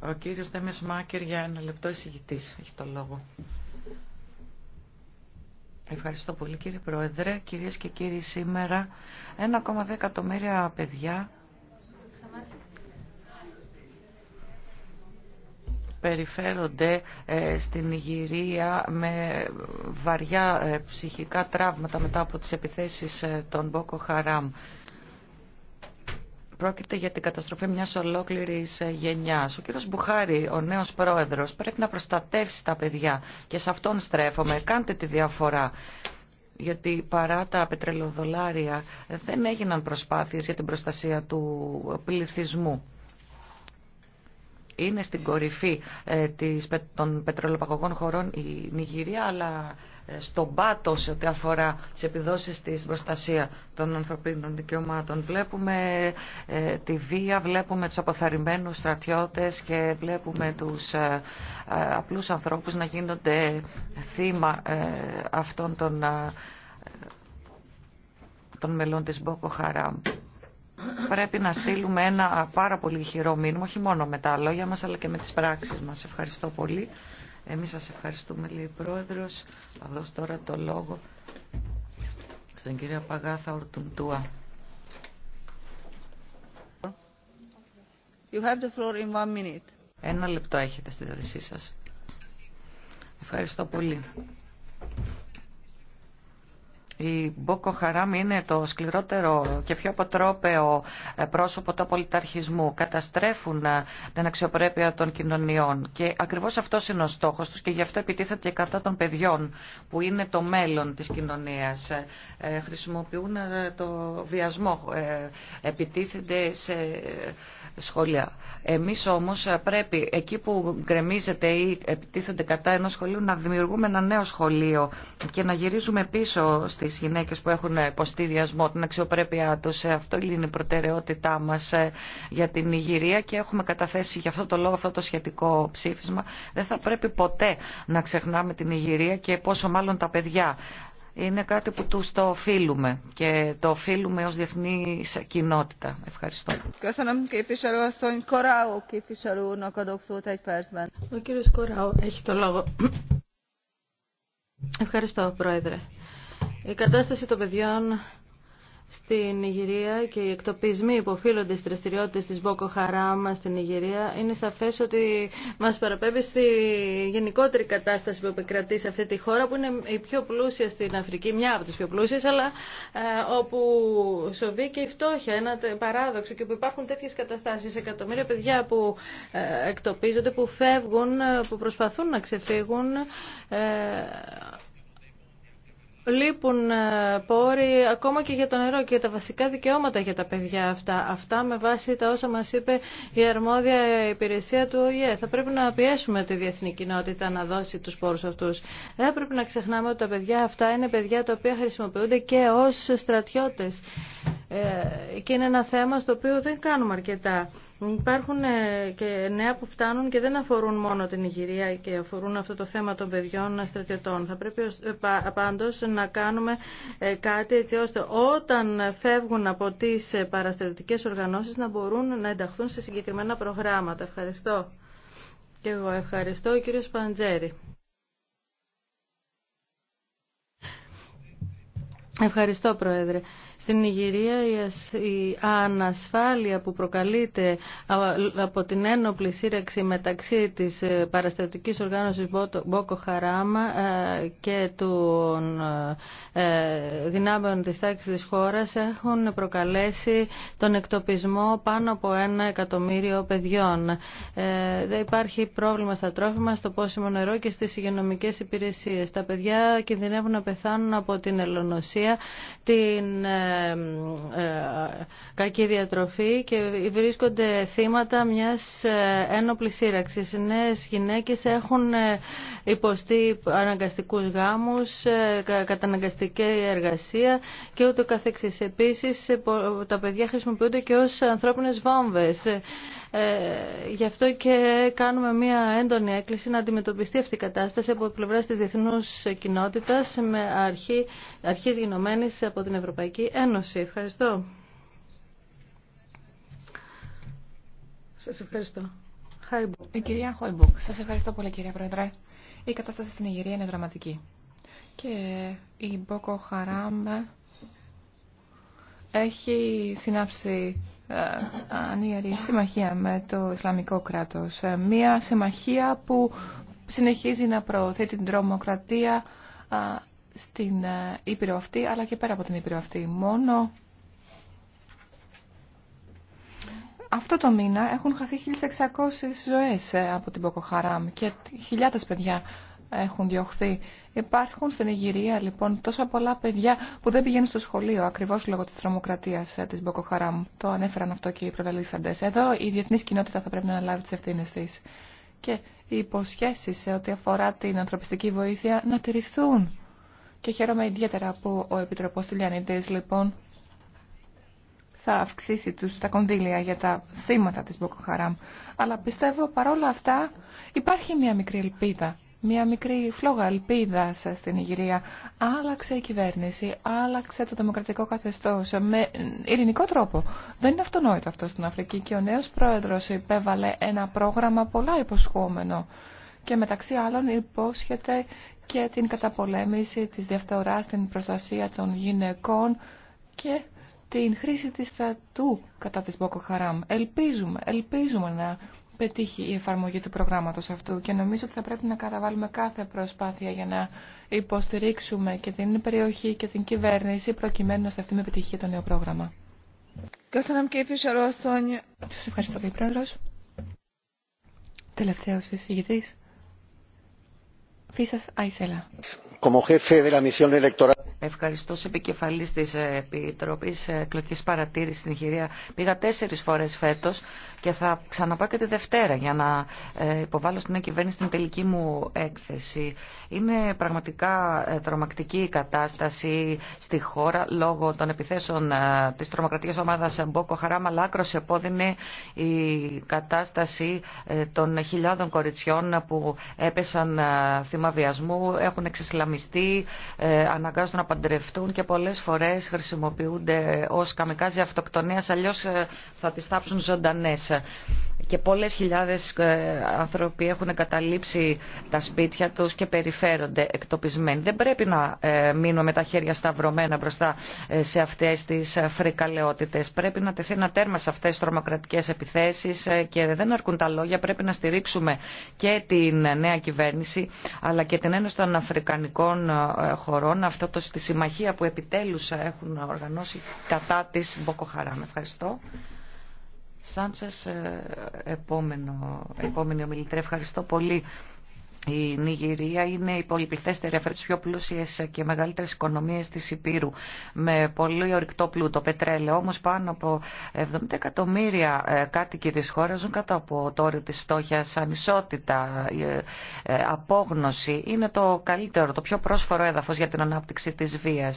Ο κύριος Δέμες Μάκερ για ένα λεπτό εισηγητής έχει το λόγο. Ευχαριστώ πολύ κύριε Πρόεδρε. Κυρίες και κύριοι σήμερα 1,2 εκατομμύρια παιδιά περιφέρονται ε, στην Ιγυρία με βαριά ε, ψυχικά τραύματα μετά από τις επιθέσεις ε, των Μπόκο Χαράμ. Πρόκειται για την καταστροφή μια ολόκληρη ε, γενιά. Ο κύριος Μπουχάρη, ο νέος πρόεδρος, πρέπει να προστατεύσει τα παιδιά και σε αυτόν στρέφομαι. Κάντε τη διαφορά γιατί παρά τα πετρελοδολάρια ε, δεν έγιναν προσπάθειες για την προστασία του πληθυσμού είναι στην κορυφή ε, των πετρελοπαγωγών χωρών η Νιγηρία, αλλά ε, στον πάτο σε ό,τι αφορά τι επιδόσει τη προστασία των ανθρωπίνων δικαιωμάτων. Βλέπουμε ε, τη βία, βλέπουμε του αποθαρρυμένου στρατιώτε και βλέπουμε του απλού ανθρώπου να γίνονται θύμα αυτών των των μελών της Μπόκο Χαράμ πρέπει να στείλουμε ένα πάρα πολύ χειρό μήνυμα, όχι μόνο με τα λόγια μας, αλλά και με τις πράξεις μας. Ευχαριστώ πολύ. Εμείς σας ευχαριστούμε, λέει η Πρόεδρος. Θα δώσω τώρα το λόγο στον κύριο Παγάθα Ορτουντούα. You have the floor in minute. Ένα λεπτό έχετε στη διάθεσή σας. Ευχαριστώ πολύ. Η Μπόκο Χαράμ είναι το σκληρότερο και πιο αποτρόπαιο πρόσωπο του πολιταρχισμού. Καταστρέφουν ε, την αξιοπρέπεια των κοινωνιών και ακριβώς αυτός είναι ο στόχος τους και γι' αυτό επιτίθεται και κατά των παιδιών που είναι το μέλλον της κοινωνίας. Ε, χρησιμοποιούν ε, το βιασμό, επιτίθενται σε σχολεία. Εμείς όμως πρέπει εκεί που γκρεμίζεται ή επιτίθενται κατά ενό σχολείου να δημιουργούμε ένα νέο σχολείο και να γυρίζουμε πίσω τις γυναίκες που έχουν υποστεί την αξιοπρέπειά τους. Αυτό είναι η προτεραιότητά μας ε, για την Ιγυρία και έχουμε καταθέσει γι' αυτό το λόγο αυτό το σχετικό ψήφισμα. Δεν θα πρέπει ποτέ να ξεχνάμε την Ιγυρία και πόσο μάλλον τα παιδιά. Είναι κάτι που τους το οφείλουμε και το οφείλουμε ως διεθνή κοινότητα. Ευχαριστώ. Ο Κοράου έχει το λόγο. Ευχαριστώ, Πρόεδρε. Η κατάσταση των παιδιών στην Ιγυρία και οι εκτοπισμοί που οφείλονται στι δραστηριότητε τη Μπόκο Χαράμα στην Ιγυρία είναι σαφέ ότι μα παραπέμπει στη γενικότερη κατάσταση που επικρατεί σε αυτή τη χώρα που είναι η πιο πλούσια στην Αφρική, μια από τι πιο πλούσιε, αλλά ε, όπου σοβεί και η φτώχεια, ένα παράδοξο και όπου υπάρχουν τέτοιε καταστάσει. Εκατομμύρια παιδιά που ε, εκτοπίζονται, που φεύγουν, ε, που προσπαθούν να ξεφύγουν λείπουν ε, πόροι ακόμα και για το νερό και τα βασικά δικαιώματα για τα παιδιά αυτά. Αυτά με βάση τα όσα μας είπε η αρμόδια υπηρεσία του ΟΗΕ. Θα πρέπει να πιέσουμε τη διεθνή κοινότητα να δώσει τους πόρους αυτούς. Δεν πρέπει να ξεχνάμε ότι τα παιδιά αυτά είναι παιδιά τα οποία χρησιμοποιούνται και ως στρατιώτες. Ε, και είναι ένα θέμα στο οποίο δεν κάνουμε αρκετά. Υπάρχουν ε, και νέα που φτάνουν και δεν αφορούν μόνο την Ιγυρία και αφορούν αυτό το θέμα των παιδιών στρατιωτών. Θα πρέπει ε, πάντως να κάνουμε κάτι έτσι ώστε όταν φεύγουν από τις παραστρατιωτικές οργανώσεις να μπορούν να ενταχθούν σε συγκεκριμένα προγράμματα. Ευχαριστώ. Και εγώ ευχαριστώ. Ο κύριος Παντζέρη. Ευχαριστώ, Πρόεδρε. Στην Ιγυρία η ανασφάλεια που προκαλείται από την ένοπλη σύρεξη μεταξύ της ε, παραστατικής οργάνωσης Μπόκο Χαράμα ε, και των ε, δυνάμεων της τάξης της χώρας έχουν προκαλέσει τον εκτοπισμό πάνω από ένα εκατομμύριο παιδιών. Δεν υπάρχει πρόβλημα στα τρόφιμα, στο πόσιμο νερό και στις υγειονομικές υπηρεσίες. Τα παιδιά κινδυνεύουν να πεθάνουν από την ελονοσία, την ε, κακή διατροφή και βρίσκονται θύματα μιας ε, ένοπλης σύραξης. Οι νέες γυναίκες έχουν ε, υποστεί αναγκαστικούς γάμους, καταναγκαστική εργασία και ούτω καθεξής. Επίσης τα παιδιά χρησιμοποιούνται και ως ανθρώπινες βόμβες. γι' αυτό και κάνουμε μια έντονη έκκληση να αντιμετωπιστεί αυτή η κατάσταση από πλευρά της διεθνούς κοινότητας με αρχή, αρχής γινωμένης από την Ευρωπαϊκή Ένωση. Ευχαριστώ. Σας ευχαριστώ. Η ε, κυρία Χόιμπουκ, σας ευχαριστώ πολύ κυρία Πρόεδρε. Η κατάσταση στην Ιγυρία είναι δραματική. Και η Μπόκο Χαράμ έχει συνάψει ε, ανίερη συμμαχία με το Ισλαμικό κράτος. Ε, μία συμμαχία που συνεχίζει να προωθεί την τρομοκρατία στην ε, Ήπειρο αυτή, αλλά και πέρα από την Ήπειρο αυτή. Μόνο αυτό το μήνα έχουν χαθεί 1.600 ζωές ε, από την Ποκοχαράμ και χιλιάδες παιδιά έχουν διωχθεί. Υπάρχουν στην Αιγυρία λοιπόν τόσα πολλά παιδιά που δεν πηγαίνουν στο σχολείο ακριβώς λόγω της τρομοκρατίας ε, της Μποκοχαράμ. Το ανέφεραν αυτό και οι προκαλήσαντες Εδώ η διεθνής κοινότητα θα πρέπει να λάβει τις ευθύνες της. Και οι υποσχέσεις σε ό,τι αφορά την ανθρωπιστική βοήθεια να τηρηθούν. Και χαίρομαι ιδιαίτερα που ο Επιτροπός λοιπόν θα αυξήσει τους, τα κονδύλια για τα θύματα της Μποκοχαράμ. Αλλά πιστεύω παρόλα αυτά υπάρχει μια μικρή ελπίδα. Μια μικρή φλόγα ελπίδα στην Ιγυρία. Άλλαξε η κυβέρνηση, άλλαξε το δημοκρατικό καθεστώ με ειρηνικό τρόπο. Δεν είναι αυτονόητο αυτό στην Αφρική και ο νέο πρόεδρο υπέβαλε ένα πρόγραμμα πολλά υποσχόμενο και μεταξύ άλλων υπόσχεται και την καταπολέμηση της διαφθοράς, την προστασία των γυναικών και την χρήση της στρατού κατά της Μπόκο Ελπίζουμε, ελπίζουμε να πετύχει η εφαρμογή του προγράμματος αυτού και νομίζω ότι θα πρέπει να καταβάλουμε κάθε προσπάθεια για να υποστηρίξουμε και την περιοχή και την κυβέρνηση προκειμένου να σταθεί με επιτυχία το νέο πρόγραμμα. Σας ευχαριστώ κύριε Πρόεδρος. Τελευταίος εισηγητής. Φίσας Αϊσέλα. Ευχαριστώ σε επικεφαλή τη Επιτροπή Εκλογική Παρατήρηση στην Ιγυρία. Πήγα τέσσερι φορέ φέτο και θα ξαναπάω και τη Δευτέρα για να ε, υποβάλω στην κυβέρνηση την τελική μου έκθεση. Είναι πραγματικά ε, τρομακτική η κατάσταση στη χώρα λόγω των επιθέσεων ε, τη τρομοκρατική ομάδα Μπόκο Χαράμα. άκρο επώδυνε η κατάσταση των χιλιάδων κοριτσιών που έπεσαν θύμα βιασμού, έχουν εξισλαμιστεί, αναγκάζονται να παντρευτούν και πολλές φορές χρησιμοποιούνται ως καμικάζι αυτοκτονίας, αλλιώς ε, θα τις θάψουν ζωντανές. Και πολλές χιλιάδες ε, άνθρωποι έχουν καταλήψει τα σπίτια τους και περιφέρονται εκτοπισμένοι. Δεν πρέπει να ε, μείνουμε με τα χέρια σταυρωμένα μπροστά σε αυτές τις φρικαλαιότητες. Πρέπει να τεθεί ένα τέρμα σε αυτές τις τρομοκρατικές επιθέσεις και δεν αρκούν τα λόγια. Πρέπει να στηρίξουμε και την νέα κυβέρνηση αλλά και την Ένωση των Αφρικανικών χωρών αυτό το τη συμμαχία που επιτέλους έχουν οργανώσει κατά της Μποκοχαράμ. Ευχαριστώ. Σάντσες, ε, επόμενο, επόμενη ομιλητρία. Ευχαριστώ πολύ η Νιγηρία είναι η πολυπληθέστερη από τι πιο πλούσιε και μεγαλύτερε οικονομίε τη Υπήρου. Με πολύ ορυκτό πλούτο, πετρέλαιο. Όμω πάνω από 70 εκατομμύρια ε, κάτοικοι τη χώρα ζουν κάτω από το όριο τη φτώχεια. Ανισότητα, ε, ε, απόγνωση είναι το καλύτερο, το πιο πρόσφορο έδαφο για την ανάπτυξη τη βία.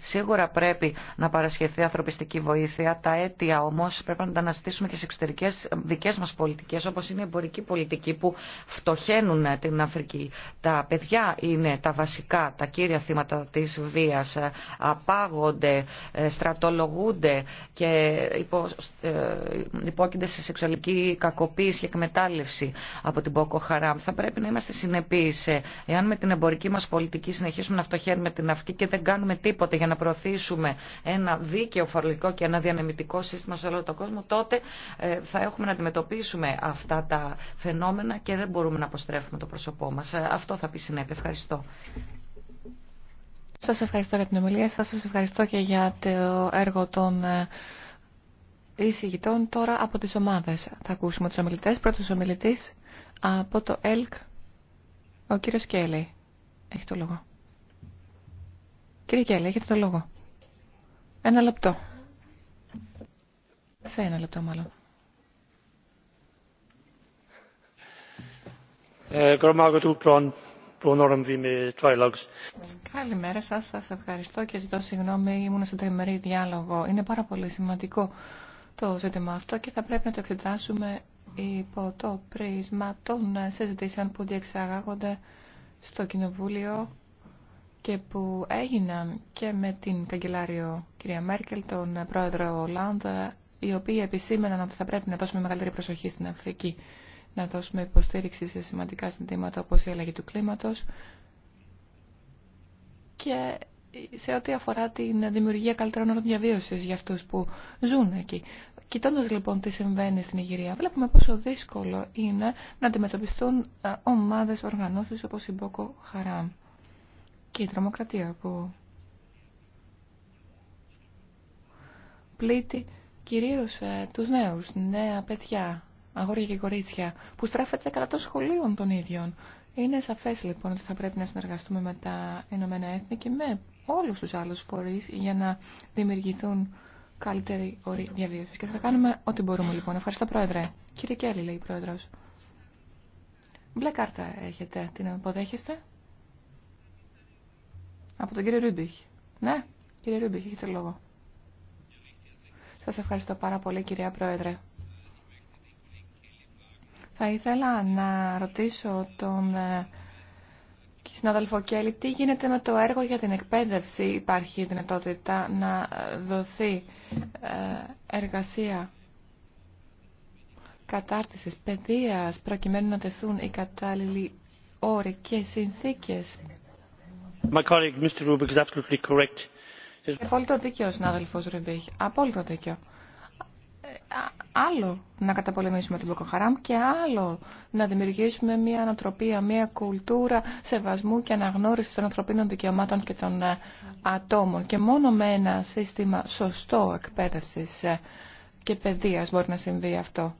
Σίγουρα πρέπει να παρασχεθεί ανθρωπιστική βοήθεια. Τα αίτια όμω πρέπει να τα αναστήσουμε και σε εξωτερικέ δικέ μα πολιτικέ, όπω είναι η εμπορική πολιτική που φτωχαίνουν Αφρική. Τα παιδιά είναι τα βασικά, τα κύρια θύματα της βίας. Ε, απάγονται, ε, στρατολογούνται και υπό, ε, υπόκεινται σε σεξουαλική κακοποίηση και εκμετάλλευση από την Πόκο Χαράμ. Θα πρέπει να είμαστε συνεπείς. Εάν με την εμπορική μας πολιτική συνεχίσουμε να φτωχαίνουμε την Αφρική και δεν κάνουμε τίποτε για να προωθήσουμε ένα δίκαιο φορολογικό και ένα διανεμητικό σύστημα σε όλο τον κόσμο, τότε θα έχουμε να αντιμετωπίσουμε αυτά τα φαινόμενα και δεν μπορούμε να αποστρέφουμε το προσωπικό πρόσωπό ε, Αυτό θα πει Ευχαριστώ. Σας ευχαριστώ για την ομιλία σας, σας ευχαριστώ και για το έργο των ε, εισηγητών τώρα από τις ομάδες. Θα ακούσουμε τους ομιλητές. Πρώτος ομιλητής από το ΕΛΚ, ο κύριος Κέλλη. Έχει το λόγο. Κύριε Κέλλη, έχετε το λόγο. Ένα λεπτό. Σε ένα λεπτό μάλλον. Ε, Καλημέρα σας. Σας ευχαριστώ και ζητώ συγγνώμη. Ήμουν σε τριμερή διάλογο. Είναι πάρα πολύ σημαντικό το ζήτημα αυτό και θα πρέπει να το εξετάσουμε υπό το πρίσμα των συζητήσεων που διεξαγάγονται στο Κοινοβούλιο και που έγιναν και με την καγκελάριο κυρία Μέρκελ, τον πρόεδρο Ολάντ οι οποίοι επισήμεναν ότι θα πρέπει να δώσουμε μεγαλύτερη προσοχή στην Αφρική να δώσουμε υποστήριξη σε σημαντικά συντήματα όπως η αλλαγή του κλίματος και σε ό,τι αφορά την δημιουργία καλύτερων όρων διαβίωση για αυτού που ζουν εκεί. Κοιτώντα λοιπόν τι συμβαίνει στην Ιγυρία, βλέπουμε πόσο δύσκολο είναι να αντιμετωπιστούν ε, ομάδε οργανώσει όπω η Μπόκο Χαράμ και η τρομοκρατία που πλήττει κυρίω ε, του νέου, νέα παιδιά, αγόρια και κορίτσια, που στράφεται κατά των σχολείων των ίδιων. Είναι σαφές λοιπόν ότι θα πρέπει να συνεργαστούμε με τα Ηνωμένα Έθνη και με όλους τους άλλους φορείς για να δημιουργηθούν καλύτεροι όροι διαβίωση. Και θα κάνουμε ό,τι μπορούμε λοιπόν. Ευχαριστώ Πρόεδρε. Κύριε Κέλλη λέει η Πρόεδρος. Μπλε κάρτα έχετε. Την αποδέχεστε. Από τον κύριο Ρούμπιχ. Ναι, κύριε Ρούμπιχ, έχετε λόγο. Σας ευχαριστώ πάρα πολύ κυρία Πρόεδρε. Θα ήθελα να ρωτήσω τον ε, συνάδελφο Κέλλη τι γίνεται με το έργο για την εκπαίδευση. Υπάρχει δυνατότητα να ε, δοθεί ε, εργασία κατάρτισης, παιδείας, προκειμένου να τεθούν οι κατάλληλοι όροι και συνθήκες. My colleague, Mr. Rubik, is absolutely correct. Απόλυτο δίκαιο, συνάδελφος Ρουμπίχ. Απόλυτο δίκαιο άλλο να καταπολεμήσουμε την Μποκοχαράμ και άλλο να δημιουργήσουμε μια ανατροπία, μια κουλτούρα σεβασμού και αναγνώρισης των ανθρωπίνων δικαιωμάτων και των ε, ατόμων. Και μόνο με ένα σύστημα σωστό εκπαίδευσης ε, και παιδείας μπορεί να συμβεί αυτό.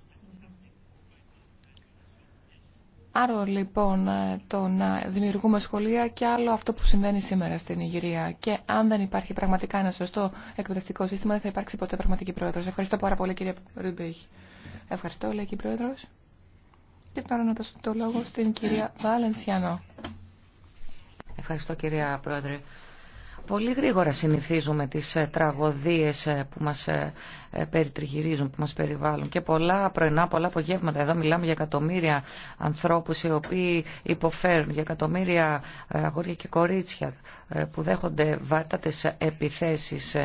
Άρα λοιπόν ε, το να δημιουργούμε σχολεία και άλλο αυτό που συμβαίνει σήμερα στην Ιγυρία. Και αν δεν υπάρχει πραγματικά ένα σωστό εκπαιδευτικό σύστημα, δεν θα υπάρξει ποτέ πραγματική πρόεδρο. Ευχαριστώ πάρα πολύ κύριε Ρουμπίχ. Ευχαριστώ, λέει και η πρόεδρο. Και πάρω να δώσω το λόγο στην κυρία Βαλενσιανό. Ευχαριστώ κυρία Πρόεδρε. Πολύ γρήγορα συνηθίζουμε τις ε, τραγωδίες ε, που μας ε, περιτριγυρίζουν, που μας περιβάλλουν και πολλά πρωινά, πολλά απογεύματα. Εδώ μιλάμε για εκατομμύρια ανθρώπους οι οποίοι υποφέρουν, για εκατομμύρια αγόρια και κορίτσια που δέχονται βάρτατες επιθέσεις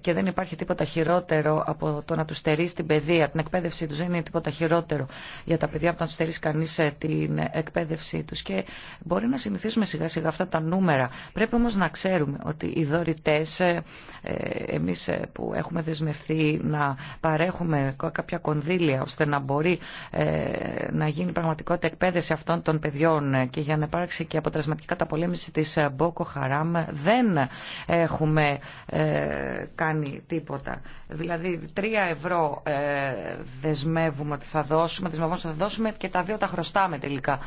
και δεν υπάρχει τίποτα χειρότερο από το να τους στερείς την παιδεία, την εκπαίδευση τους δεν είναι τίποτα χειρότερο για τα παιδιά από το να τους στερείς κανείς την εκπαίδευσή τους και μπορεί να συνηθίσουμε σιγά σιγά αυτά τα νούμερα. Πρέπει όμως να ξέρουμε ότι οι δωρητές, ε, ε, εμείς ε, που έχουμε δεσμευθεί να παρέχουμε κάποια κονδύλια ώστε να μπορεί να γίνει πραγματικότητα εκπαίδευση αυτών των παιδιών και για να υπάρξει και αποτελεσματική καταπολέμηση της Μπόκο Χαράμ δεν έχουμε κάνει τίποτα. Δηλαδή τρία ευρώ δεσμεύουμε ότι θα δώσουμε, δεσμεύουμε ότι θα δώσουμε και τα δύο τα χρωστάμε τελικά.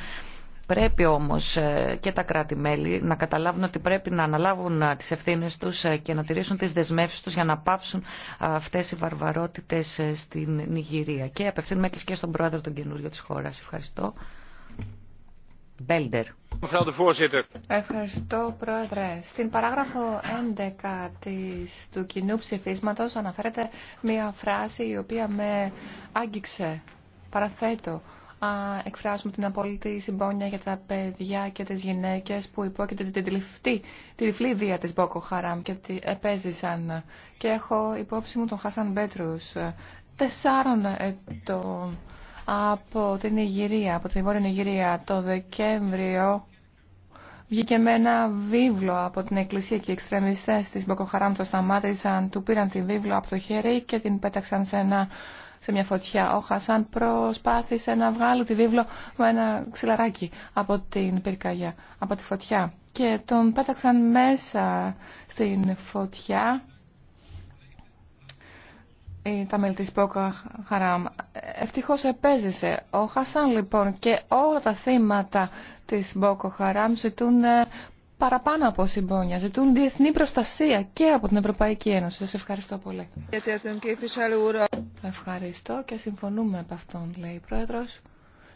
Πρέπει όμως ε, και τα κράτη-μέλη να καταλάβουν ότι πρέπει να αναλάβουν ε, τις ευθύνες τους ε, και να τηρήσουν τις δεσμεύσεις τους για να πάψουν αυτές οι βαρβαρότητες στην Νιγηρία. Και απευθύνουμε και στον πρόεδρο τον καινούριο της χώρας. Ευχαριστώ. Μπέλντερ. Ευχαριστώ, Πρόεδρε. Στην παράγραφο 11 της, του κοινού ψηφίσματος αναφέρεται μία φράση η οποία με άγγιξε. Παραθέτω εκφράσουμε την απόλυτη συμπόνια για τα παιδιά και τις γυναίκες που υπόκειται την τυφλή, τη τυφλή βία της Μπόκο Χαράμ και επέζησαν. Και έχω υπόψη μου τον Χάσαν Μπέτρους, ε, τεσσάρων ετών από την Ιγυρία, από την Βόρεια Ιγυρία, το Δεκέμβριο Βγήκε με ένα βίβλο από την εκκλησία και οι εξτρεμιστές της Μποκοχαράμ το σταμάτησαν, του πήραν τη βίβλο από το χέρι και την πέταξαν σε ένα σε μια φωτιά. Ο Χασάν προσπάθησε να βγάλει τη βίβλο με ένα ξυλαράκι από την πυρκαγιά, από τη φωτιά. Και τον πέταξαν μέσα στην φωτιά τα μέλη της Χαράμ. Ευτυχώς επέζησε ο Χασάν λοιπόν και όλα τα θύματα της Μπόκο Χαράμ ζητούν ε, παραπάνω από συμπόνια. Ζητούν διεθνή προστασία και από την Ευρωπαϊκή Ένωση. Σα ευχαριστώ πολύ. Ευχαριστώ και συμφωνούμε από αυτόν, λέει η Πρόεδρο.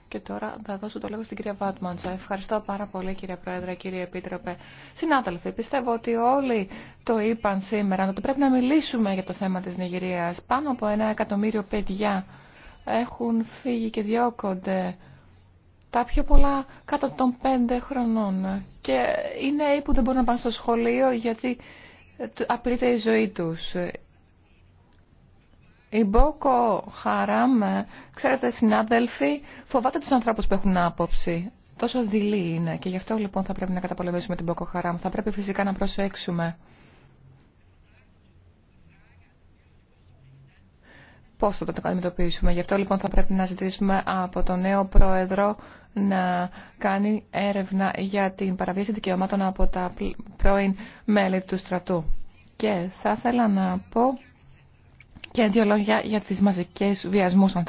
Και τώρα θα δώσω το λόγο στην κυρία Βάτμαντσα. Ευχαριστώ πάρα πολύ κύριε Πρόεδρε, κύριε Επίτροπε. Συνάδελφοι, πιστεύω ότι όλοι το είπαν σήμερα ότι πρέπει να μιλήσουμε για το θέμα τη Νιγηρία. Πάνω από ένα εκατομμύριο παιδιά έχουν φύγει και διώκονται. Τα πιο πολλά κάτω των πέντε χρονών και οι που δεν μπορούν να πάνε στο σχολείο γιατί απειλείται η ζωή τους. Η Μπόκο Χαράμ, ξέρετε συνάδελφοι, φοβάται τους ανθρώπους που έχουν άποψη. Τόσο δειλή είναι και γι' αυτό λοιπόν θα πρέπει να καταπολεμήσουμε την Μπόκο Χαράμ. Θα πρέπει φυσικά να προσέξουμε. Πώς θα το αντιμετωπίσουμε. Γι' αυτό λοιπόν θα πρέπει να ζητήσουμε από τον νέο πρόεδρο να κάνει έρευνα για την παραβίαση δικαιωμάτων από τα πρώην μέλη του στρατού. Και θα ήθελα να πω και δύο λόγια για τις μαζικές βιασμούς ε,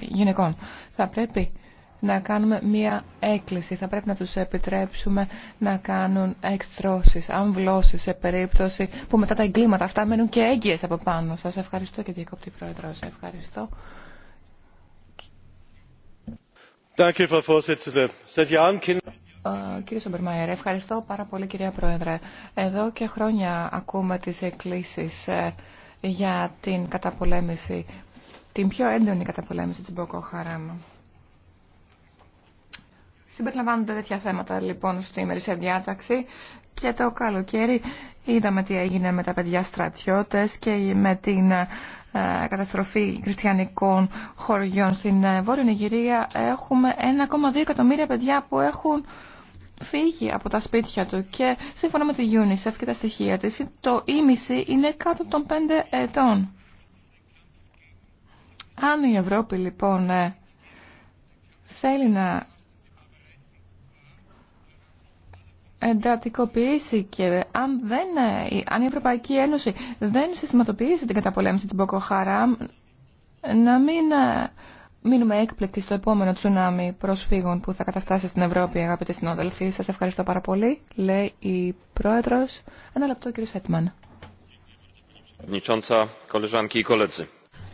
γυναικών. Θα πρέπει να κάνουμε μία έκκληση. Θα πρέπει να τους επιτρέψουμε να κάνουν εξτρώσεις, αμβλώσεις σε περίπτωση που μετά τα εγκλήματα αυτά μένουν και έγκυες από πάνω. Σας ευχαριστώ και διακόπτη πρόεδρο. Σας Ευχαριστώ. Ε, κύριε Σομπερμαϊερ, ευχαριστώ πάρα πολύ κυρία Πρόεδρε. Εδώ και χρόνια ακούμε τις εκκλήσεις ε, για την καταπολέμηση, την πιο έντονη καταπολέμηση της Μποκο Χαράμ. Συμπεριλαμβάνονται τέτοια θέματα λοιπόν στη ημερήσια διάταξη και το καλοκαίρι είδαμε τι έγινε με τα παιδιά στρατιώτες και με την ε, καταστροφή χριστιανικών χωριών στην ε, Βόρεια Νιγηρία έχουμε 1,2 εκατομμύρια παιδιά που έχουν φύγει από τα σπίτια του και σύμφωνα με τη UNICEF και τα στοιχεία της το ίμιση είναι κάτω των 5 ετών. Αν η Ευρώπη λοιπόν ε, θέλει να εντατικοποιήσει και αν, δεν, ε, αν η Ευρωπαϊκή Ένωση δεν συστηματοποιήσει την καταπολέμηση της Μποκοχάραμ να μην ε, μείνουμε έκπληκτοι στο επόμενο τσουνάμι προσφύγων που θα καταφτάσει στην Ευρώπη, αγαπητοί συνοδελφοί. Σας ευχαριστώ πάρα πολύ, λέει η Πρόεδρος. Ένα λεπτό, κύριο Σέτμαν.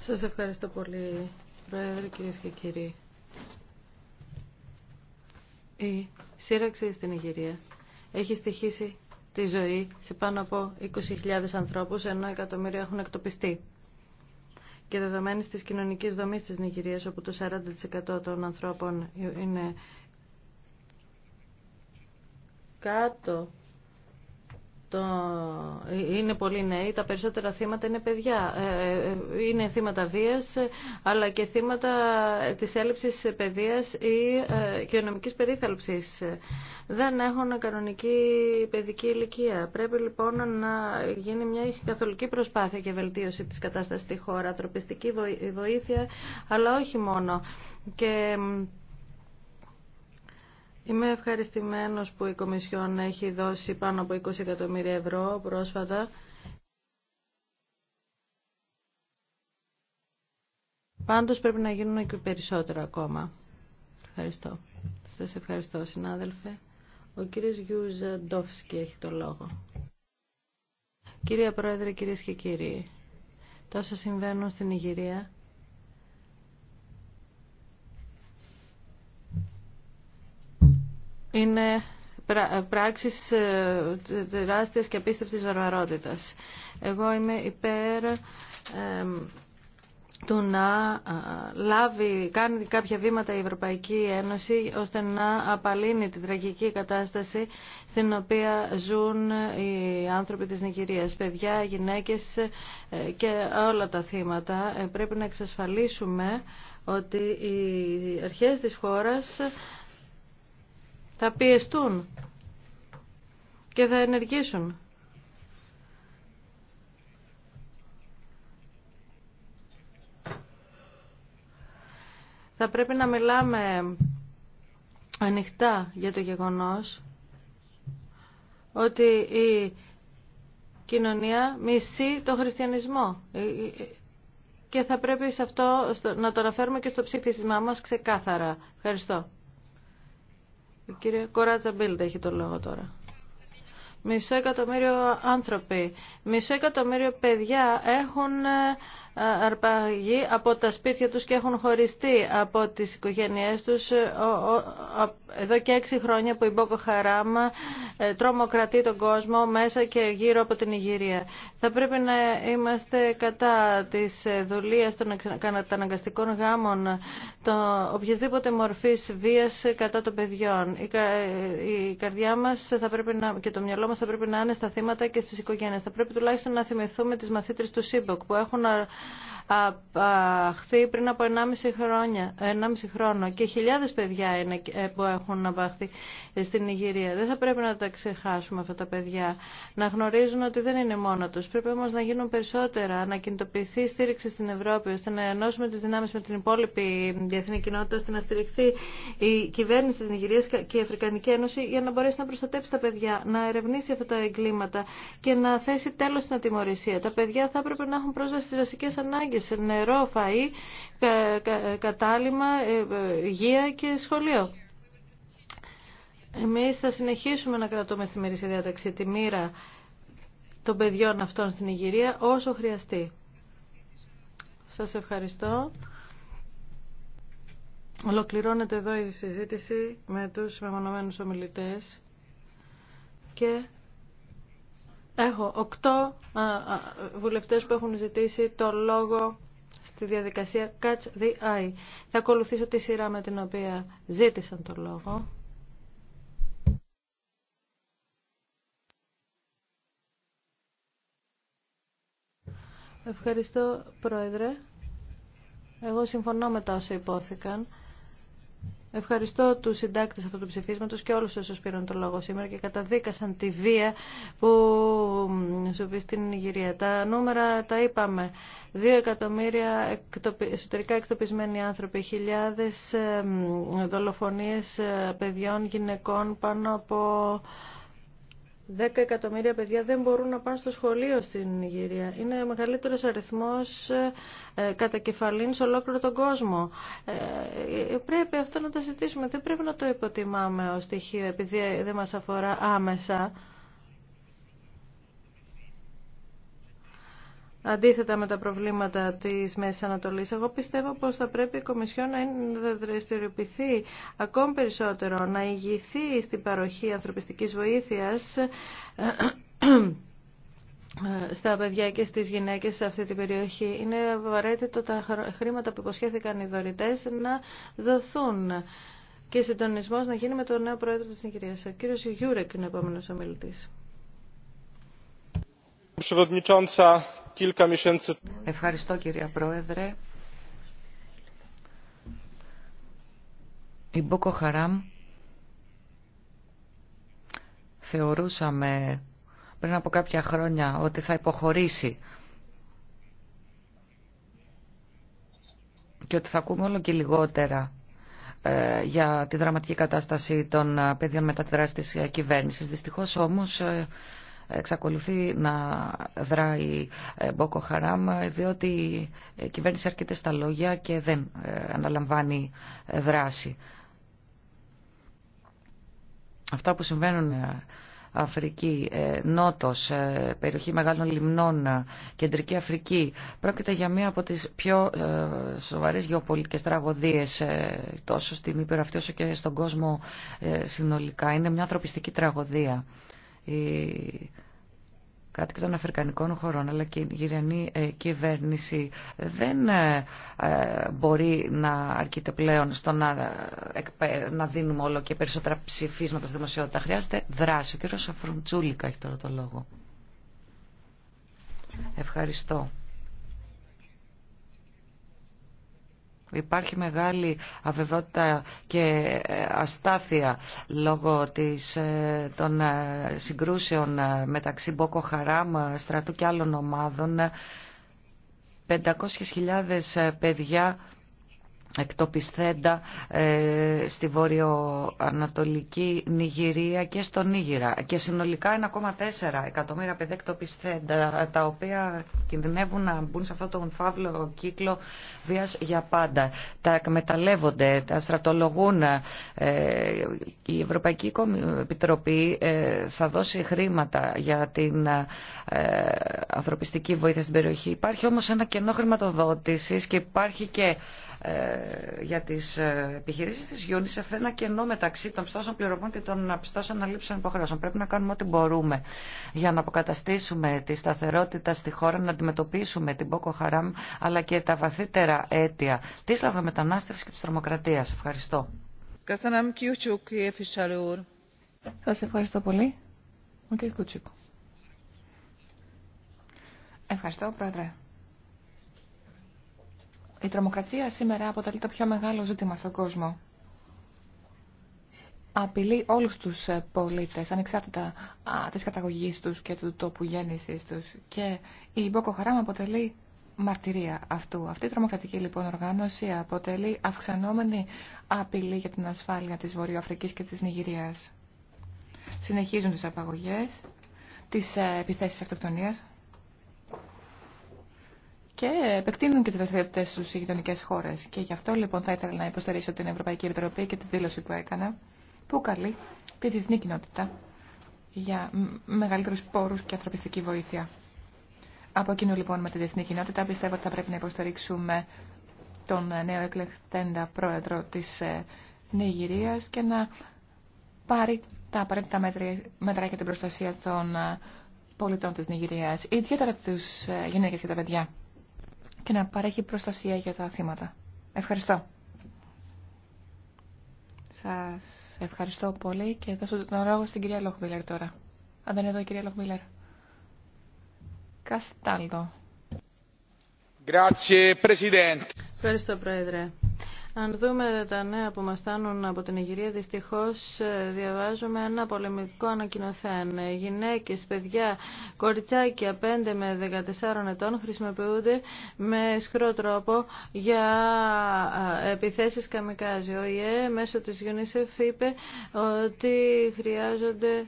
Σας ευχαριστώ πολύ, Πρόεδρε, κυρίες και κύριοι. Η σύραξη στην Ιγυρία έχει στοιχήσει τη ζωή σε πάνω από 20.000 ανθρώπους, ενώ εκατομμύρια έχουν εκτοπιστεί. Και δεδομένη της κοινωνικής δομής της Νιγηρίας, όπου το 40% των ανθρώπων είναι κάτω το... είναι πολύ νέοι, τα περισσότερα θύματα είναι παιδιά. Ε, ε, είναι θύματα βίας, αλλά και θύματα της έλλειψης παιδείας ή ε, κοινωνική περίθαλψης. Δεν έχουν κανονική παιδική ηλικία. Πρέπει λοιπόν να γίνει μια καθολική προσπάθεια και βελτίωση της κατάστασης στη χώρα, ανθρωπιστική βοήθεια, αλλά όχι μόνο. Και Είμαι ευχαριστημένος που η Κομισιόν έχει δώσει πάνω από 20 εκατομμύρια ευρώ πρόσφατα Πάντως πρέπει να γίνουν και περισσότερα ακόμα. Ευχαριστώ. Σας ευχαριστώ συνάδελφε. Ο κύριος Γιούζα έχει το λόγο. Κύριε Πρόεδρε, κυρίες και κύριοι, τόσα συμβαίνουν στην Ιγυρία είναι πράξεις ε, τεράστια και απίστευτης βαρβαρότητας. Εγώ είμαι υπέρ του να λάβει, κάνει κάποια βήματα η Ευρωπαϊκή Ένωση ώστε να απαλύνει την τραγική κατάσταση στην οποία ζουν οι άνθρωποι της Νιγηρίας. Παιδιά, γυναίκες ε, και όλα τα θύματα. Ε, πρέπει να εξασφαλίσουμε ότι οι αρχές της χώρας θα πιεστούν και θα ενεργήσουν. Θα πρέπει να μιλάμε ανοιχτά για το γεγονός ότι η κοινωνία μισεί το χριστιανισμό ε, ε, και θα πρέπει αυτό να το αναφέρουμε και στο ψήφισμά μας ξεκάθαρα. Ευχαριστώ. Η κυρία Κοράτσα Μπίλντ έχει το λόγο τώρα. Μισό εκατομμύριο άνθρωποι, μισό εκατομμύριο παιδιά έχουν ε, αρπαγεί από τα σπίτια τους και έχουν χωριστεί από τις οικογένειές τους εδώ και έξι χρόνια που η Μπόκο Χαράμα ε, τρομοκρατεί τον κόσμο μέσα και γύρω από την Ιγυρία. Θα πρέπει να είμαστε κατά της ε, δουλείας των καταναγκαστικών γάμων το, οποιασδήποτε μορφής βίας κατά των παιδιών. Ε, η, καρδιά μας θα πρέπει να, και το μυαλό μας θα πρέπει να είναι στα θύματα και στις οικογένειες. Θα πρέπει τουλάχιστον να θυμηθούμε τις μαθήτρες του ΣΥΜΠΟΚ που έχουν απαχθεί πριν από 1,5 χρόνια, 1,5 χρόνο και χιλιάδες παιδιά ε, που έχουν απαχθεί στην Ιγυρία. Δεν θα πρέπει να τα ξεχάσουμε αυτά τα παιδιά, να γνωρίζουν ότι δεν είναι μόνο τους. Πρέπει όμως να γίνουν περισσότερα, να κινητοποιηθεί η στήριξη στην Ευρώπη, ώστε να ενώσουμε τις δυνάμεις με την υπόλοιπη διεθνή κοινότητα, ώστε να στηριχθεί η κυβέρνηση της Νιγηρίας και η Αφρικανική Ένωση για να μπορέσει να προστατέψει τα παιδιά, να ερευνήσει αυτά τα εγκλήματα και να θέσει τέλος στην ατιμορρησία. Τα παιδιά θα έπρεπε να έχουν πρόσβαση στις βασικές βασικές ανάγκες, νερό, φαΐ, κατάλημα, ε, ε, υγεία και σχολείο. Εμείς θα συνεχίσουμε να κρατούμε στη μερίσια διάταξη τη μοίρα των παιδιών αυτών στην Ιγυρία όσο χρειαστεί. Σας ευχαριστώ. Ολοκληρώνεται εδώ η συζήτηση με τους μεμονωμένους ομιλητές και Έχω οκτώ βουλευτές που έχουν ζητήσει το λόγο στη διαδικασία Catch the Eye. Θα ακολουθήσω τη σειρά με την οποία ζήτησαν το λόγο. Ευχαριστώ, Πρόεδρε. Εγώ συμφωνώ με τα όσα υπόθηκαν. Ευχαριστώ του συντάκτε αυτού του ψηφίσματο και όλου όσου πήραν το λόγο σήμερα και καταδίκασαν τη βία που πει στην Ιγυρία. Τα νούμερα τα είπαμε. Δύο εκατομμύρια εσωτερικά εκτοπισμένοι άνθρωποι, χιλιάδε δολοφονίες ε, παιδιών, γυναικών, πάνω από 10 εκατομμύρια παιδιά δεν μπορούν να πάνε στο σχολείο στην Νιγηρία. Είναι ο μεγαλύτερος αριθμός ε, κατακεφαλήν σε ολόκληρο τον κόσμο. Ε, ε, πρέπει αυτό να το ζητήσουμε. Δεν πρέπει να το υποτιμάμε ως στοιχείο επειδή δεν μας αφορά άμεσα. αντίθετα με τα προβλήματα της Μέσης Ανατολής. Εγώ πιστεύω πως θα πρέπει η Κομισιόν να δραστηριοποιηθεί ακόμη περισσότερο, να ηγηθεί στην παροχή ανθρωπιστικής βοήθειας στα παιδιά και στις γυναίκες σε αυτή την περιοχή. Είναι απαραίτητο τα χρήματα που υποσχέθηκαν οι δωρητές να δοθούν και συντονισμό να γίνει με τον νέο πρόεδρο της Νιγηρίας. Ο κύριος Γιούρεκ είναι ο επόμενος ομιλητής. Ευχαριστώ κυρία Πρόεδρε. Η Μποκοχαράμ θεωρούσαμε πριν από κάποια χρόνια ότι θα υποχωρήσει και ότι θα ακούμε όλο και λιγότερα ε, για τη δραματική κατάσταση των ε, παιδιών μετά τη δράση της ε, κυβέρνησης. Δυστυχώς όμως εξακολουθεί να δράει ε, Μπόκο Χαράμ διότι η κυβέρνηση έρχεται στα λόγια και δεν ε, αναλαμβάνει ε, δράση. Αυτά που συμβαίνουν Αφρική, Νότος, περιοχή μεγάλων λιμνών, Κεντρική Αφρική. Πρόκειται για μία από τις πιο σοβαρές γεωπολιτικές τραγωδίες τόσο στην Ήπειρο αυτή όσο και στον κόσμο συνολικά. Είναι μια ανθρωπιστική τραγωδία οι κάτοικοι των Αφρικανικών χωρών αλλά και η γυριανή ε, κυβέρνηση δεν ε, ε, μπορεί να αρκείται πλέον στο να, να δίνουμε όλο και περισσότερα ψηφίσματα στη δημοσιότητα. Χρειάζεται δράση. Ο κ. Αφρουντσούλικα έχει τώρα το λόγο. Ευχαριστώ. Υπάρχει μεγάλη αβεβαιότητα και ε, αστάθεια λόγω της, ε, των ε, συγκρούσεων μεταξύ Μπόκο Χαράμ, στρατού και άλλων ομάδων. 500.000 παιδιά εκτοπισθέντα ε, στη βόρειο-ανατολική Νιγηρία και στο Νίγηρα και συνολικά 1,4 εκατομμύρια παιδιά εκτοπισθέντα τα οποία κινδυνεύουν να μπουν σε αυτό τον φαύλο κύκλο βίας για πάντα. Τα εκμεταλλεύονται, τα στρατολογούν. Ε, η Ευρωπαϊκή Επιτροπή ε, θα δώσει χρήματα για την ανθρωπιστική βοήθεια στην περιοχή. Υπάρχει όμως ένα κενό χρηματοδότησης και υπάρχει και ε, για τις ε, επιχειρήσεις της UNICEF ένα κενό μεταξύ των πιστώσεων πληρωμών και των πιστώσεων αναλήψεων υποχρεώσεων. Πρέπει να κάνουμε ό,τι μπορούμε για να αποκαταστήσουμε τη σταθερότητα στη χώρα, να αντιμετωπίσουμε την πόκο χαράμ αλλά και τα βαθύτερα αίτια τη λαβομετανάστευσης και της τρομοκρατίας. Ευχαριστώ. ευχαριστώ πολύ. Ευχαριστώ, Πρόεδρε. Η τρομοκρατία σήμερα αποτελεί το πιο μεγάλο ζήτημα στον κόσμο. Απειλεί όλους τους ε, πολίτες, ανεξάρτητα α, της καταγωγής τους και του τόπου γέννησης τους. Και η Μπόκο Χαράμ αποτελεί μαρτυρία αυτού. Αυτή η τρομοκρατική λοιπόν οργάνωση αποτελεί αυξανόμενη απειλή για την ασφάλεια της Βορειοαφρικής και της Νιγηρίας. Συνεχίζουν τις απαγωγές, τις ε, επιθέσεις αυτοκτονίας και επεκτείνουν και τι δραστηριότητε του οι γειτονικέ χώρε. Και γι' αυτό λοιπόν θα ήθελα να υποστηρίξω την Ευρωπαϊκή Επιτροπή και τη δήλωση που έκανα, που καλεί τη διεθνή κοινότητα για μεγαλύτερου πόρου και ανθρωπιστική βοήθεια. Από κοινού λοιπόν με τη διεθνή κοινότητα πιστεύω ότι θα πρέπει να υποστηρίξουμε τον ε, νέο εκλεκτέντα πρόεδρο τη ε, Νιγηρία και να πάρει τα απαραίτητα μέτρα για την προστασία των ε, πολιτών της Νιγηρίας, ιδιαίτερα τους γυναίκες και τα παιδιά και να παρέχει προστασία για τα θύματα. Ευχαριστώ. Σας ευχαριστώ πολύ και δώσω τον λόγο στην κυρία Λόχμπιλερ τώρα. Αν δεν είναι εδώ η κυρία Λόχμπιλερ. Καστάλτο. Ευχαριστώ, Πρόεδρε. Αν δούμε τα νέα που μας στάνουν από την Αιγυρία, δυστυχώς ε, διαβάζουμε ένα πολεμικό ανακοινωθέν. Ε, γυναίκες, παιδιά, κοριτσάκια 5 με 14 ετών χρησιμοποιούνται με σχρό τρόπο για επιθέσεις καμικάζι. Ο ΙΕ μέσω της UNICEF είπε ότι χρειάζονται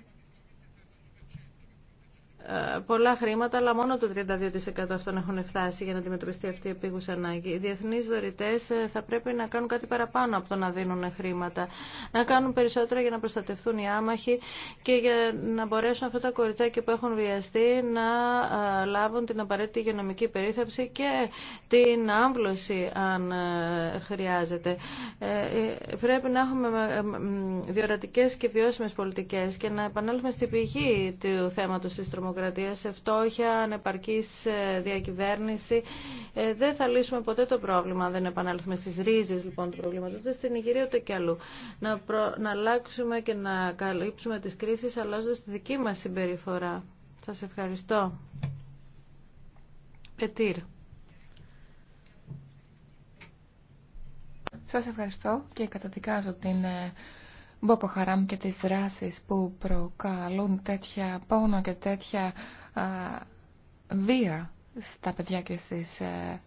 ε, πολλά χρήματα, αλλά μόνο το 32% αυτών έχουν φτάσει για να αντιμετωπιστεί αυτή η επίγουσα ανάγκη. Οι διεθνεί δωρητέ ε, θα πρέπει να κάνουν κάτι παραπάνω από το να δίνουν χρήματα. Να κάνουν περισσότερα για να προστατευτούν οι άμαχοι και για να μπορέσουν αυτά τα κοριτσάκια που έχουν βιαστεί να ε, λάβουν την απαραίτητη υγειονομική περίθαψη και την άμβλωση αν χρειάζεται. Πρέπει να έχουμε διορατικέ και βιώσιμε πολιτικέ και να επανέλθουμε στην πηγή του θέματο τη τρομοκρατία δημοκρατία, σε φτώχεια, ανεπαρκής ε, διακυβέρνηση. Ε, δεν θα λύσουμε ποτέ το πρόβλημα αν δεν επανέλθουμε στι ρίζε λοιπόν του προβλήματο, ούτε στην Ιγυρία ούτε κι αλλού. Να, να αλλάξουμε και να καλύψουμε τι κρίσει αλλάζοντα τη δική μα συμπεριφορά. Σα ευχαριστώ. Πετήρ. Σας ευχαριστώ και καταδικάζω την ε, Χαράμ και τις δράσεις που προκαλούν τέτοια πόνο και τέτοια α, βία στα παιδιά και στις, ε,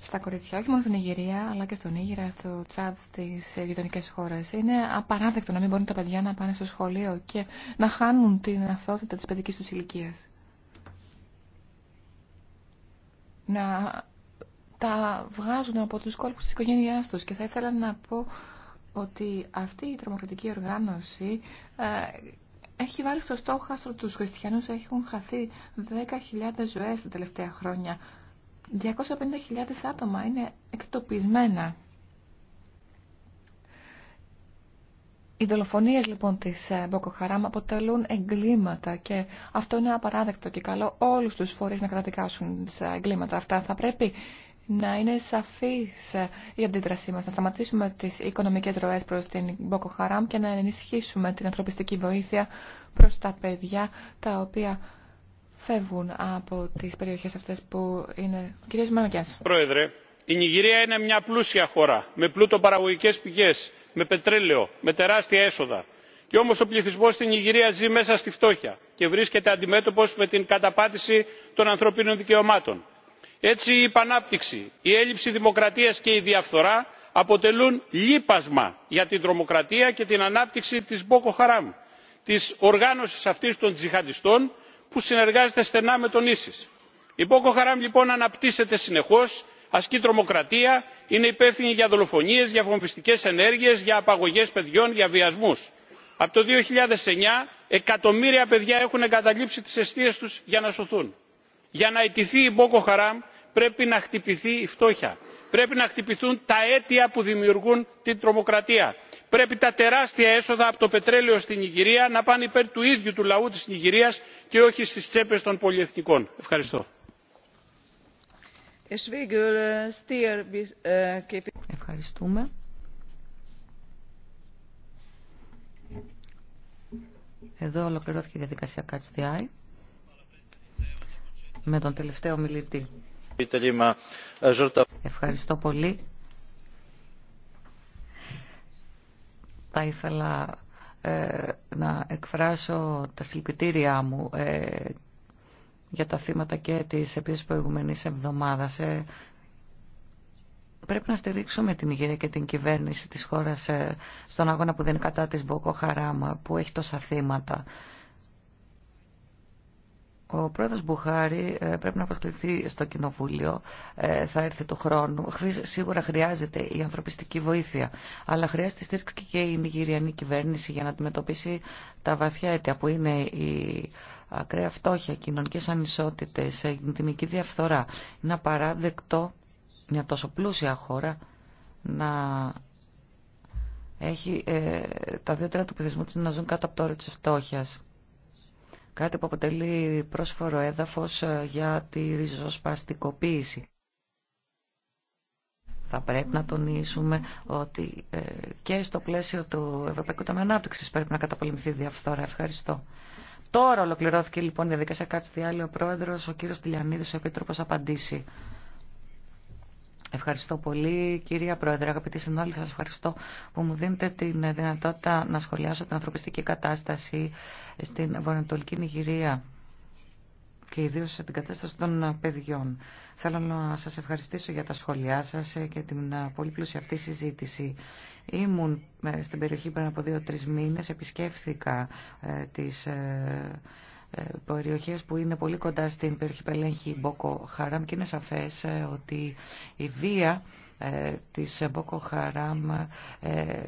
στα κορίτσια, όχι μόνο στην Ιγυρία, αλλά και στον Ήγυρα, στο Τσάτ, στις γειτονικέ χώρες. Είναι απαράδεκτο να μην μπορούν τα παιδιά να πάνε στο σχολείο και να χάνουν την αθότητα της παιδικής τους ηλικία. Να τα βγάζουν από τους κόλπους της οικογένειάς τους και θα ήθελα να πω ότι αυτή η τρομοκρατική οργάνωση ε, έχει βάλει στο στόχαστρο τους χριστιανούς έχουν χαθεί 10.000 ζωές τα τελευταία χρόνια. 250.000 άτομα είναι εκτοπισμένα. Οι δολοφονίες λοιπόν της ε, Μποκοχαράμ αποτελούν εγκλήματα και αυτό είναι απαράδεκτο και καλό όλους τους φορείς να καταδικάσουν τις ε, εγκλήματα αυτά. Θα πρέπει να είναι σαφής η αντίδρασή μας, να σταματήσουμε τις οικονομικές ροές προς την Μπόκο και να ενισχύσουμε την ανθρωπιστική βοήθεια προς τα παιδιά τα οποία φεύγουν από τις περιοχές αυτές που είναι... Κυρίες Μαμικιάς. Πρόεδρε, η Νιγηρία είναι μια πλούσια χώρα, με πλούτο παραγωγικές πηγές, με πετρέλαιο, με τεράστια έσοδα. Και όμως ο πληθυσμός στην Νιγηρία ζει μέσα στη φτώχεια και βρίσκεται αντιμέτωπος με την καταπάτηση των ανθρωπίνων δικαιωμάτων έτσι η υπανάπτυξη η έλλειψη δημοκρατίας και η διαφθορά αποτελούν λίπασμα για την τρομοκρατία και την ανάπτυξη της μπόκο χαράμ της οργάνωσης αυτής των τζιχαντιστών που συνεργάζεται στενά με τον ίσις. η μπόκο χαράμ λοιπόν αναπτύσσεται συνεχώς ασκεί τρομοκρατία είναι υπεύθυνη για δολοφονίες για βομβιστικές ενέργειες για απαγωγές παιδιών για βιασμούς. από το 2009 εκατομμύρια παιδιά έχουν εγκαταλείψει τις αιστείες τους για να σωθούν. για να ιτηθεί η μπόκο χαράμ πρέπει να χτυπηθεί η φτώχεια πρέπει να χτυπηθούν τα αίτια που δημιουργούν την τρομοκρατία πρέπει τα τεράστια έσοδα από το πετρέλαιο στην Ιγυρία να πάνε υπέρ του ίδιου του λαού της νιγηρίας και όχι στις τσέπες των πολυεθνικών. ευχαριστώ. Ευχαριστούμε. Εδώ ολοκληρώθηκε η διαδικασία Catch με τον τελευταίο μιλητή. Ε, Ευχαριστώ πολύ. Θα ήθελα ε, να εκφράσω τα συλληπιτήριά μου ε, για τα θύματα και της επίσης προηγουμενής εβδομάδα. Ε, πρέπει να στηρίξουμε την υγεία και την κυβέρνηση της χώρας στον αγώνα που δεν είναι κατά της Μποκοχαράμα που έχει τόσα θύματα. Ο πρόεδρος Μπουχάρη ε, πρέπει να προσκληθεί στο κοινοβούλιο, ε, θα έρθει του χρόνου. Σίγουρα χρειάζεται η ανθρωπιστική βοήθεια, αλλά χρειάζεται στήριξη και η Νιγηριανή κυβέρνηση για να αντιμετωπίσει τα βαθιά αίτια που είναι η ακραία φτώχεια, κοινωνικέ ανισότητε, ε, η δημική διαφθορά. Είναι απαράδεκτο μια τόσο πλούσια χώρα να έχει τα δύο του πληθυσμού της να ζουν κάτω από το όριο της φτώχειας κάτι που αποτελεί πρόσφορο έδαφος ε, για τη ριζοσπαστικοποίηση. Θα πρέπει να τονίσουμε ότι ε, και στο πλαίσιο του Ευρωπαϊκού Ταμείου πρέπει να καταπολεμηθεί διαφθόρα. Ευχαριστώ. Τώρα ολοκληρώθηκε λοιπόν η διαδικασία κάτσε διάλειο ο πρόεδρος, ο κύριος Τηλιανίδης, ο επίτροπος απαντήσει. Ευχαριστώ πολύ κυρία Πρόεδρε, αγαπητοί συνόλοι, σας ευχαριστώ που μου δίνετε την δυνατότητα να σχολιάσω την ανθρωπιστική κατάσταση στην Βορειοανατολική Νιγηρία και ιδίως την κατάσταση των παιδιών. Θέλω να σας ευχαριστήσω για τα σχόλιά σας και την πολύ πλούσια αυτή συζήτηση. Ήμουν ε, στην περιοχή πριν από δύο-τρεις μήνες, επισκέφθηκα ε, τις ε, Περιοχέ που είναι πολύ κοντά στην περιοχή που ελέγχει Μπόκο Χαράμ και είναι σαφές ε, ότι η βία ε, της Μπόκο Χαράμ ε,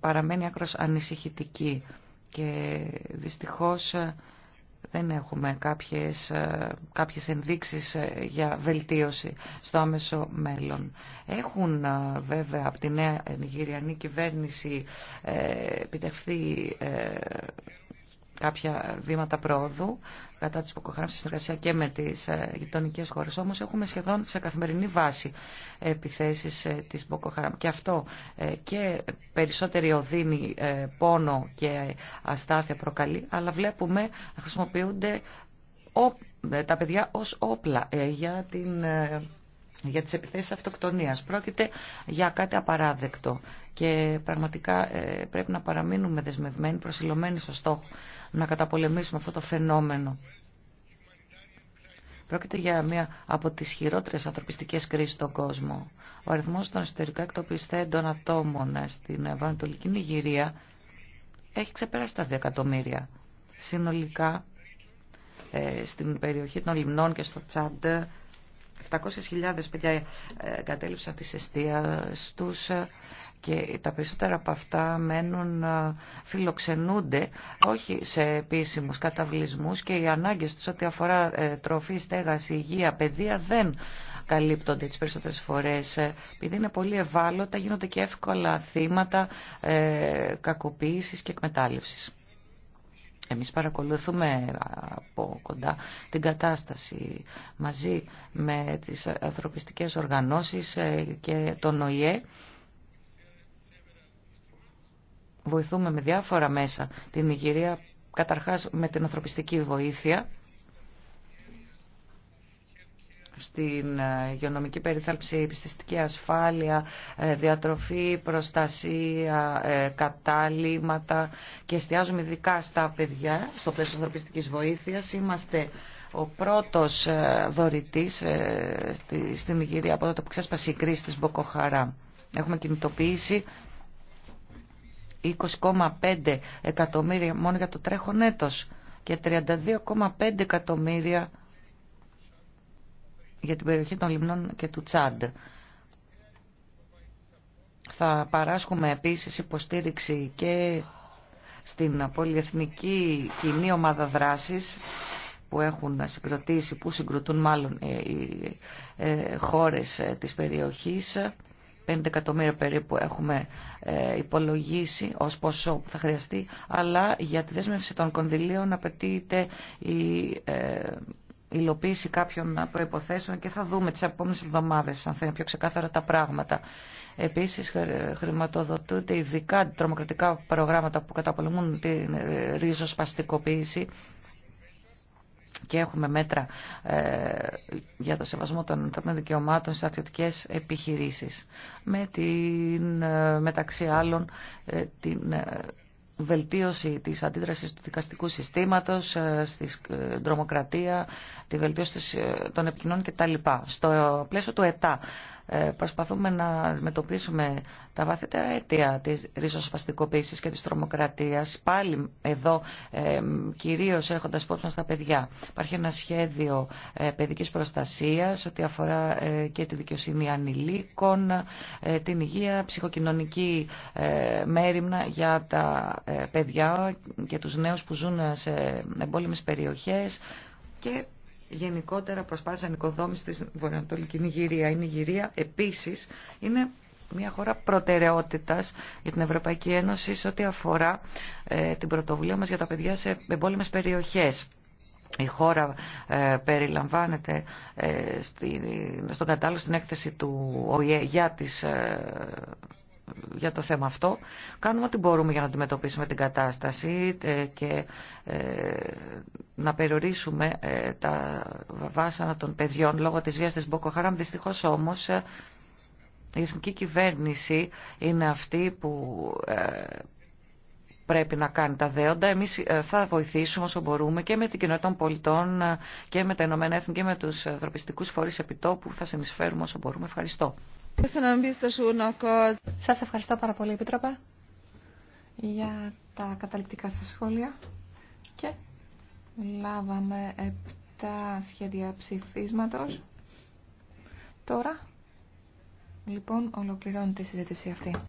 παραμένει άκρο ανησυχητική και δυστυχώς δεν έχουμε κάποιες, κάποιες ενδείξεις για βελτίωση στο άμεσο μέλλον. Έχουν βέβαια από τη νέα Νιγηριανή κυβέρνηση επιτευχθεί κάποια βήματα πρόοδου κατά της υποκοχάρμης συνεργασία και με τις ε, γειτονικέ χώρες. Όμως έχουμε σχεδόν σε καθημερινή βάση επιθέσεις ε, της Μποκοχάρμ. Και αυτό ε, και περισσότερη οδύνη πόνο και αστάθεια προκαλεί, αλλά βλέπουμε να χρησιμοποιούνται τα παιδιά ως όπλα για την για τις επιθέσεις αυτοκτονίας. Πρόκειται για κάτι απαράδεκτο και πραγματικά πρέπει να παραμείνουμε δεσμευμένοι, προσιλωμένοι στο στόχο να καταπολεμήσουμε αυτό το φαινόμενο. Πρόκειται για μία από τις χειρότερες ανθρωπιστικές κρίσεις στον κόσμο. Ο αριθμό των εσωτερικά εκτοπιστέντων ατόμων στην Ευανατολική Νιγηρία έχει ξεπεράσει τα 2 εκατομμύρια. Συνολικά, ε, στην περιοχή των Λιμνών και στο Τσάντ, 700.000 παιδιά κατέληψαν τη αιστείας του και τα περισσότερα από αυτά μένουν, φιλοξενούνται όχι σε επίσημους καταβλισμούς και οι ανάγκες τους ό,τι αφορά ε, τροφή, στέγαση, υγεία, παιδεία δεν καλύπτονται τις περισσότερες φορές ε, επειδή είναι πολύ ευάλωτα γίνονται και εύκολα θύματα ε, κακοποίησης και εκμετάλλευσης. Εμείς παρακολουθούμε από κοντά την κατάσταση μαζί με τις ανθρωπιστικές οργανώσεις ε, και τον ΟΗΕ βοηθούμε με διάφορα μέσα την Ιγυρία καταρχάς με την ανθρωπιστική βοήθεια, στην ε, υγειονομική περίθαλψη, επιστηστική ασφάλεια, ε, διατροφή, προστασία, ε, κατάλήματα και εστιάζουμε ειδικά στα παιδιά στο πλαίσιο ανθρωπιστικής βοήθειας. Είμαστε ο πρώτος δωρητής στην Ιγυρία από τότε που ξέσπασε η κρίση της Μποκοχαρά. Έχουμε κινητοποιήσει 20,5 εκατομμύρια μόνο για το τρέχον έτος και 32,5 εκατομμύρια για την περιοχή των Λιμνών και του Τσάντ. Θα παράσχουμε επίσης υποστήριξη και στην πολυεθνική κοινή ομάδα δράσης που έχουν συγκροτήσει, που συγκροτούν μάλλον ε, οι ε, χώρες ε, της περιοχής 50 εκατομμύρια περίπου έχουμε ε, υπολογίσει ως ποσό θα χρειαστεί, αλλά για τη δέσμευση των κονδυλίων απαιτείται η ε, υλοποίηση κάποιων προϋποθέσεων και θα δούμε τις επόμενες εβδομάδες αν θα είναι πιο ξεκάθαρα τα πράγματα. Επίσης χρηματοδοτούνται ειδικά τρομοκρατικά προγράμματα που καταπολεμούν την ε, ριζοσπαστικοποίηση και έχουμε μέτρα ε, για το σεβασμό των ανθρώπινων δικαιωμάτων στις αθλητικές επιχειρήσεις. Με την, ε, μεταξύ άλλων, ε, την βελτίωση της αντίδρασης του δικαστικού συστήματος, στη δρομοκρατία, τη βελτίωση των επικοινών κτλ. Στο πλαίσιο του ΕΤΑ ε, προσπαθούμε να αντιμετωπίσουμε τα βαθύτερα αίτια της ριζοσπαστικοποίησης και της τρομοκρατίας, πάλι εδώ ε, κυρίως έχοντας υπόψη στα παιδιά. Υπάρχει ένα σχέδιο ε, παιδικής προστασίας ό,τι αφορά και τη δικαιοσύνη ανηλίκων, την υγεία, ψυχοκοινωνική μέρημνα για τα παιδιά και τους νέους που ζουν σε εμπόλεμε περιοχές και γενικότερα προσπάθεια ανοικοδόμηση τη Βορειοανατολική Νιγηρία. Η Νιγηρία επίσης είναι μια χώρα προτεραιότητας για την Ευρωπαϊκή Ένωση σε ό,τι αφορά ε, την πρωτοβουλία μας για τα παιδιά σε εμπόλεμέ. περιοχές. Η χώρα ε, περιλαμβάνεται ε, στον κατάλληλο στην έκθεση του ΟΗΕ για τις για το θέμα αυτό. Κάνουμε ό,τι μπορούμε για να αντιμετωπίσουμε την κατάσταση ε, και ε, να περιορίσουμε ε, τα βάσανα των παιδιών λόγω της βίας της Μποκοχάραμ. Δυστυχώς όμως η εθνική κυβέρνηση είναι αυτή που πρέπει να κάνει τα δέοντα. Εμείς θα βοηθήσουμε όσο μπορούμε και με την κοινότητα των πολιτών και με τα Ηνωμένα Έθνη και με τους ανθρωπιστικούς φορείς επιτόπου θα συνεισφέρουμε όσο μπορούμε. Ευχαριστώ. Σας ευχαριστώ πάρα πολύ, Επίτροπε, για τα καταληκτικά σας σχόλια και λάβαμε επτά σχέδια ψηφίσματος. Τώρα, λοιπόν, ολοκληρώνεται η συζήτηση αυτή.